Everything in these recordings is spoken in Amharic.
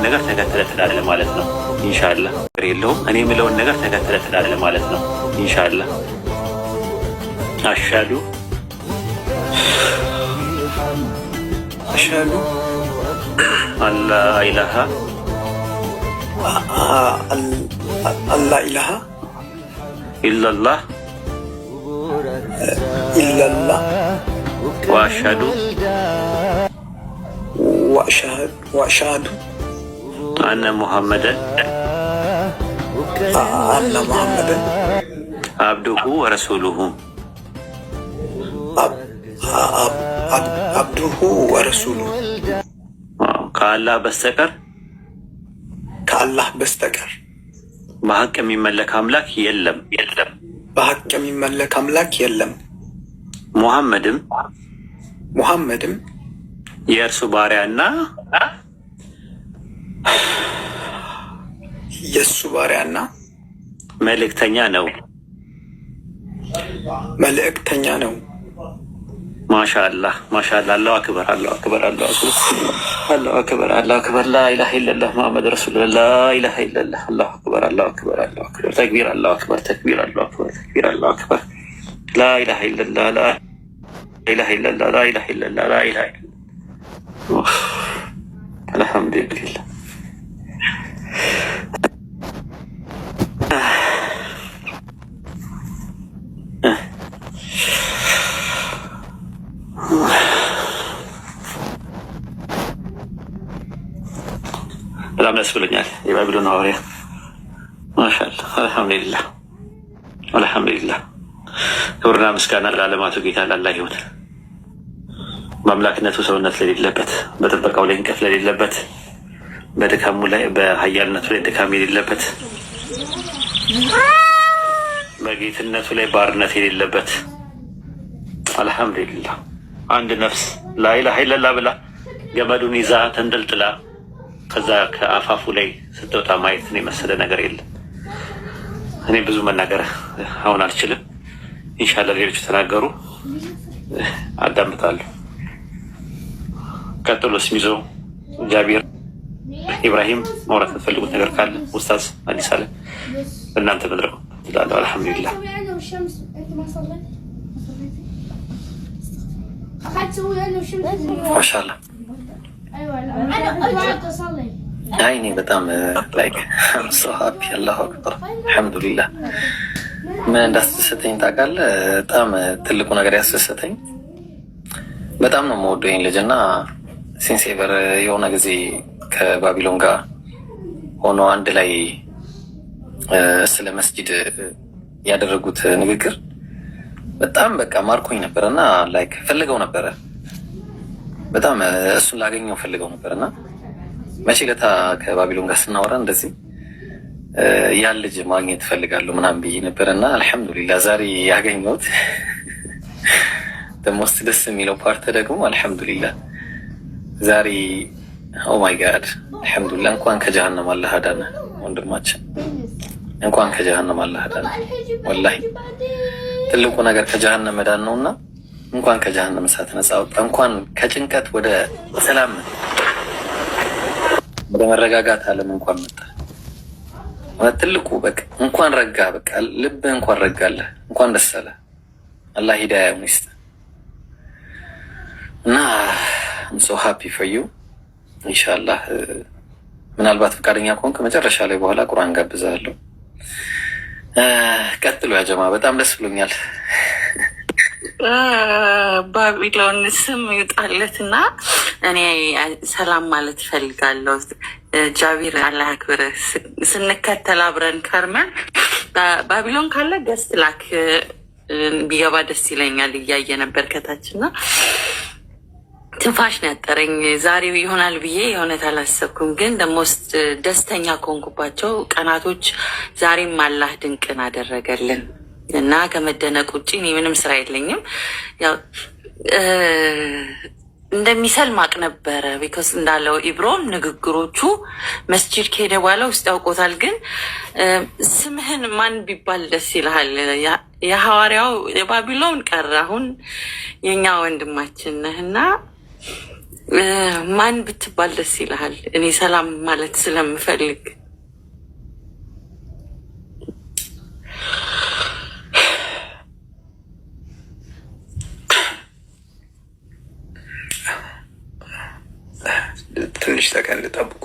የምለውን ነገር ተከትለ ትላለህ ማለት ነው። ኢንሻላ የለውም እኔ የምለውን ነገር ተከትለ ትላለህ ማለት ነው። ኢንሻላ አሻሉ አሻሉ አላ ኢላሃ አላ ኢላሃ ኢላላህ ኢላላህ ወአሻዱ وأشهد وأشهد አነ ሙሐመደን አነ ሙሐመደን አብዱሁ ወረሱሉሁ አብዱሁ ወረሱሉሁ ከአላህ በስተቀር ከአላህ በስተቀር በሀቅ የሚመለክ አምላክ የለም የለም በሀቅ የሚመለክ አምላክ የለም። ሙሐመድም ሙሐመድም የእርሱ ባሪያና የእሱ ባሪያና መልእክተኛ ነው። መልእክተኛ ነው። ማሻአላህ ማሻአላህ። አላሁ አክበር አላሁ አክበር አላሁ አክበር አላሁ አክበር። ኢለላህ መሐመድ ረሱሉላህ። ኢለላህ አላሁ አክበር አላሁ አክበር አላሁ አክበር። ተክቢር አላሁ አክበር ተክቢር አላሁ አክበር ተክቢር አላሁ አክበር። ኢለላህ ኢለላህ ኢለላህ ኢለላህ። አልሐምዱሊላህ በጣም ደስ ብሎኛል። የባቢሎን ሐዋርያ ማሻል አልሐምዱሊላህ፣ አልሐምዱሊላህ። ክብርና ምስጋና ለዓለማቱ ጌታ ላላ ይሁን። በአምላክነቱ ሰውነት ለሌለበት፣ በጥበቃው ላይ እንቀፍ ለሌለበት፣ በድካሙ ላይ በሀያልነቱ ላይ ድካም የሌለበት፣ በጌትነቱ ላይ ባርነት የሌለበት አልሐምዱሊላህ። አንድ ነፍስ ላይላ ሀይለላ ብላ ገመዱን ይዛ ተንጠልጥላ ከዛ ከአፋፉ ላይ ስትወጣ ማየትን የመሰለ ነገር የለም። እኔ ብዙ መናገር አሁን አልችልም። እንሻላ ሌሎች ተናገሩ አዳምጣለሁ። ቀጥሎ ስሚዞ ጃቢር ኢብራሂም ማውራት የምትፈልጉት ነገር ካለ ኡስታዝ አዲስ አለ በእናንተ መድረኩ ትላለሁ። አልሐምዱሊላህ ማሻላ አይኔ በጣም ላይክ ሶ ሀፒ አላሁ አክበር አልሐምዱሊላህ። ምን እንዳስደሰተኝ ታውቃለህ? በጣም ትልቁ ነገር ያስደሰተኝ በጣም ነው የምወደው ይህን ልጅ እና ሲንሴበር የሆነ ጊዜ ከባቢሎን ጋር ሆኖ አንድ ላይ ስለ መስጂድ ያደረጉት ንግግር በጣም በቃ ማርኮኝ ነበር እና ላይክ ፈልገው ነበረ በጣም እሱን ላገኘው ፈልገው ነበር እና መቼ ለታ ከባቢሎን ጋር ስናወራ እንደዚህ ያን ልጅ ማግኘት ፈልጋለሁ ምናምን ብዬ ነበር እና አልሐምዱሊላ ዛሬ ያገኘሁት። ደሞስ ደስ የሚለው ፓርት ደግሞ አልሐምዱሊላ ዛሬ ኦማይ oh ጋድ አልሐምዱሊላ እንኳን ከጀሃነም አላህ አዳነ ወንድማችን እንኳን ከጀሃነም አላህ አዳነ። ወላሂ ትልቁ ነገር ከጀሃነም መዳን ነውና እንኳን ከጀሃነም እሳት ነጻ ወጣ፣ እንኳን ከጭንቀት ወደ ሰላም ወደ መረጋጋት አለም እንኳን መጣ። ትልቁ በቃ እንኳን ረጋ፣ በቃ ልብህ እንኳን ረጋለህ፣ እንኳን ደስ አለህ። አላህ ሂዳያውን ይስጥ እና ሶ ሃፒ ፎር ዩ ኢንሻላህ። ምናልባት ፈቃደኛ ከሆንክ መጨረሻ ላይ በኋላ ቁርአን ጋብዛለሁ። ቀጥሎ ያጀማ በጣም ደስ ብሎኛል። ባቢሎን ስም ይውጣለት እና እኔ ሰላም ማለት እፈልጋለሁ። ጃቢር አላህ ያክብርህ። ስንከተል አብረን ከርመን ባቢሎን ካለ ገስት ላክ ቢገባ ደስ ይለኛል። እያየ ነበር ከታች እና ትንፋሽ ነው ያጠረኝ። ዛሬው ይሆናል ብዬ የእውነት አላሰብኩም፣ ግን ደግሞ ደስተኛ ከሆንኩባቸው ቀናቶች ዛሬም አላህ ድንቅን አደረገልን። እና ከመደነቅ ውጭ እኔ ምንም ስራ የለኝም። ያው እንደሚሰል ማቅ ነበረ። ቢኮስ እንዳለው ኢብሮም ንግግሮቹ መስጂድ ከሄደ በኋላ ውስጥ ያውቆታል። ግን ስምህን ማን ቢባል ደስ ይልሃል? የሐዋርያው የባቢሎን ቀረ፣ አሁን የኛ ወንድማችን ነህ እና ማን ብትባል ደስ ይልሃል? እኔ ሰላም ማለት ስለምፈልግ ትንሽ ሰከንድ ጠብቁ።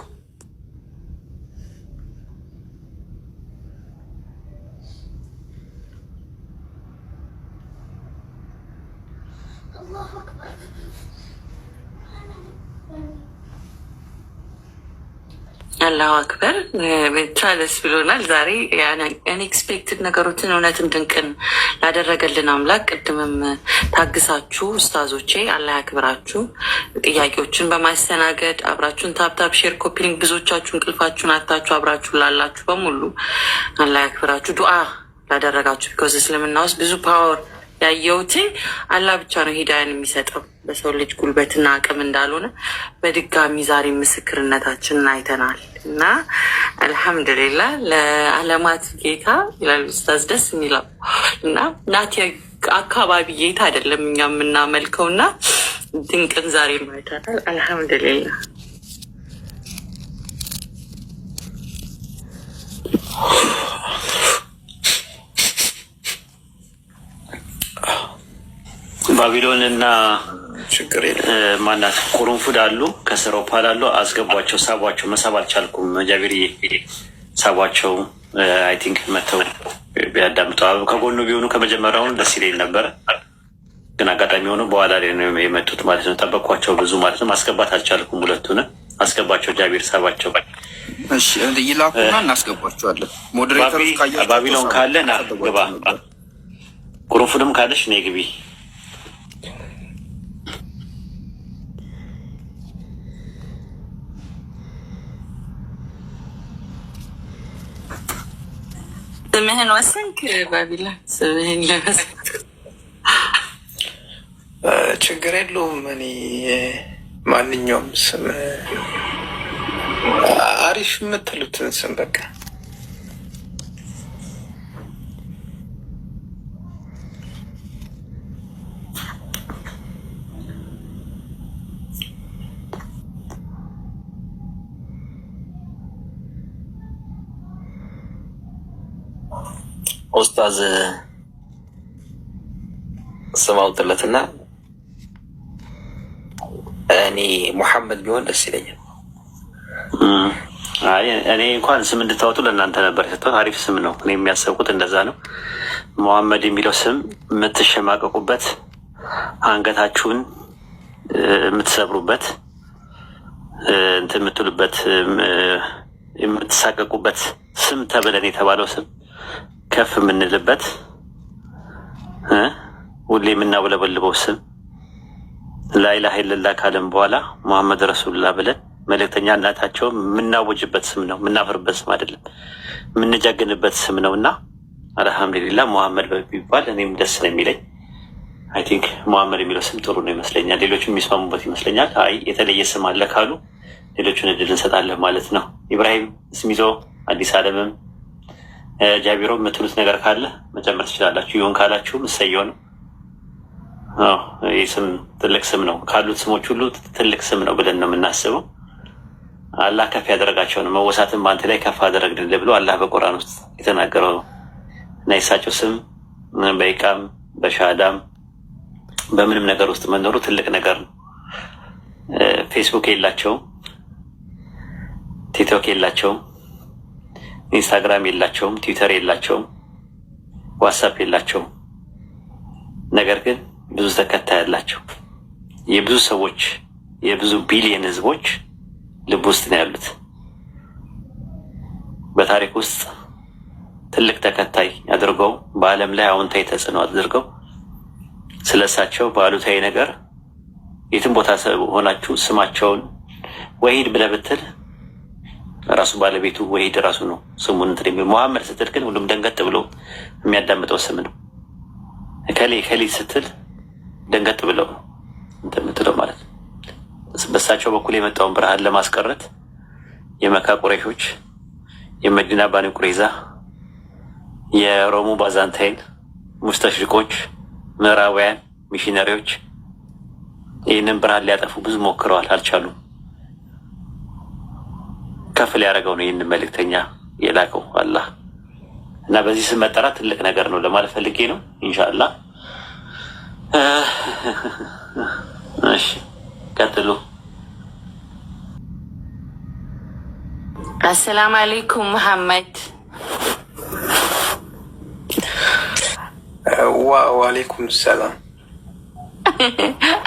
አላሁ አክበር። ብቻ ደስ ብሎናል ዛሬ አንኤክስፔክትድ ነገሮችን እውነትም ድንቅን ላደረገልን አምላክ ቅድምም ታግሳችሁ ውስታዞቼ አላህ ያክብራችሁ። ጥያቄዎችን በማስተናገድ አብራችሁን ታፕታፕ ሼር ኮፒሊንግ ብዙዎቻችሁ እንቅልፋችሁን አታችሁ አብራችሁ ላላችሁ በሙሉ አላህ ያክብራችሁ። ዱአ ላደረጋችሁ ቢኮዝ እስልምና ውስጥ ብዙ ፓወር ያየሁትኝ አላህ ብቻ ነው ሂዳያን የሚሰጠው በሰው ልጅ ጉልበትና አቅም እንዳልሆነ በድጋሚ ዛሬ ምስክርነታችንን አይተናል እና አልሐምዱሊላ ለአለማት ጌታ ይላል ኡስታዝ ደስ የሚለው እና ናት አካባቢ ጌታ አይደለም እኛ የምናመልከው እና ድንቅን ዛሬ አይተናል አልሐምዱሊላ ባቢሎን እና ማናት ቁርንፉድ አሉ፣ ከስራው ፓል አሉ። አስገቧቸው፣ ሳቧቸው። መሳብ አልቻልኩም። መጃቢሪ ሳቧቸው። አይ ቲንክ መተው ቢያዳምጡ ከጎኑ ቢሆኑ ከመጀመሪያውን ደስ ይለኝ ነበር፣ ግን አጋጣሚ ሆኖ በኋላ ላይ ነው የመጡት ማለት ነው። ጠበቅኳቸው ብዙ ማለት ነው። ማስገባት አልቻልኩም። ሁለቱን አስገባቸው፣ ጃቢር ሳባቸው። ይላኩና እናስገባቸዋለን። ሞዴሬተሮች ባቢሎን ካለ ና ግባ፣ ቁርንፉድም ካለሽ እኔ ግቢ ስምህን ወሰንክ ባቢላ ስምህን ለመስት ችግር የለውም። እኔ ማንኛውም ስም አሪፍ የምትሉትን ስም በቃ ኦስታዝ ስም አውጥለትና እኔ ሙሐመድ ቢሆን ደስ ይለኛል። እኔ እንኳን ስም እንድታወጡ ለእናንተ ነበር የሰጠሁት። አሪፍ ስም ነው። እኔ የሚያሰብኩት እንደዛ ነው። መሐመድ የሚለው ስም የምትሸማቀቁበት፣ አንገታችሁን የምትሰብሩበት፣ እንትን የምትሉበት፣ የምትሳቀቁበት ስም ተብለን የተባለው ስም ከፍ የምንልበት ሁሌ የምናውለበልበው ስም ላይላ ሀይልላ ካለም በኋላ መሐመድ ረሱሉላ ብለን መልእክተኛ እናታቸው የምናወጅበት ስም ነው። የምናፍርበት ስም አይደለም፣ የምንጃግንበት ስም ነው እና አልሐምዱሊላ መሐመድ ቢባል እኔም ደስ ነው የሚለኝ። አይ ቲንክ መሐመድ የሚለው ስም ጥሩ ነው ይመስለኛል። ሌሎቹ የሚስማሙበት ይመስለኛል። አይ የተለየ ስም አለ ካሉ ሌሎቹን እድል እንሰጣለን ማለት ነው። ኢብራሂም ስሚዞ አዲስ አለምም ጃቢሮ የምትሉት ነገር ካለ መጨመር ትችላላችሁ። ይሁን ካላችሁም እሰየው ነው። ይህ ስም ትልቅ ስም ነው፣ ካሉት ስሞች ሁሉ ትልቅ ስም ነው ብለን ነው የምናስበው። አላህ ከፍ ያደረጋቸው ነው። መወሳትን በአንተ ላይ ከፍ አደረግንልህ ብሎ አላህ በቁርአን ውስጥ የተናገረው እና የእሳቸው ስም በይቃም በሻዳም በምንም ነገር ውስጥ መኖሩ ትልቅ ነገር ነው። ፌስቡክ የላቸውም፣ ቲክቶክ የላቸውም። ኢንስታግራም የላቸውም፣ ትዊተር የላቸውም፣ ዋትሳፕ የላቸውም። ነገር ግን ብዙ ተከታይ ያላቸው የብዙ ሰዎች የብዙ ቢሊየን ህዝቦች ልብ ውስጥ ነው ያሉት። በታሪክ ውስጥ ትልቅ ተከታይ አድርገው በዓለም ላይ አዎንታዊ ተጽዕኖ አድርገው ስለሳቸው እሳቸው ነገር የትም ቦታ ሆናችሁ ስማቸውን ወሒድ ብለህ ብትል ራሱ ባለቤቱ ወሄድ ራሱ ነው ስሙን እንትን የሚል መሐመድ ስትል ግን ሁሉም ደንገጥ ብሎ የሚያዳምጠው ስም ነው። እከሌ እከሌ ስትል ደንገጥ ብለው እንትን ማለት ነው። በሳቸው በኩል የመጣውን ብርሃን ለማስቀረት የመካ ቁረይሾች፣ የመዲና ባኒ ቁረይዛ፣ የሮሙ ባዛንታይን ሙስተሽሪቆች፣ ምዕራባውያን ሚሽነሪዎች ይህንን ብርሃን ሊያጠፉ ብዙ ሞክረዋል፣ አልቻሉም። ከፍ ሊያደርገው ነው ይህን መልእክተኛ የላከው አላህ እና በዚህ ስም መጠራት ትልቅ ነገር ነው ለማለት ፈልጌ ነው። እንሻላ። እሺ፣ ቀጥሉ። አሰላም አለይኩም መሐመድ። ወአለይኩም ሰላም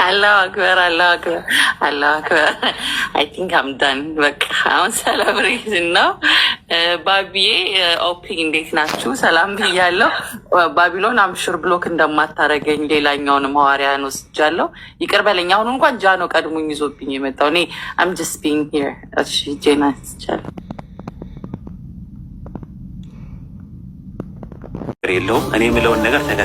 አላሁ አክበር አላሁ አክበር አላሁ አክበር። አይ ቲንክ አም ዳን በቃ አሁን ሰለብሬሽን ነው። ባቢዬ ኦፒ እንዴት ናችሁ? ሰላም ብያለሁ። ባቢሎን አምሹር ብሎክ እንደማታረገኝ ሌላኛውን ሐዋርያን ወስጃለሁ። ይቅር በለኝ። አሁን እንኳን ጃ ነው ቀድሞኝ ይዞብኝ የመጣው እኔ አም ጀስት ቢንግ ሂር እሺ ጄና ስቻለሁ የለውም እኔ የምለውን ነገር ተከ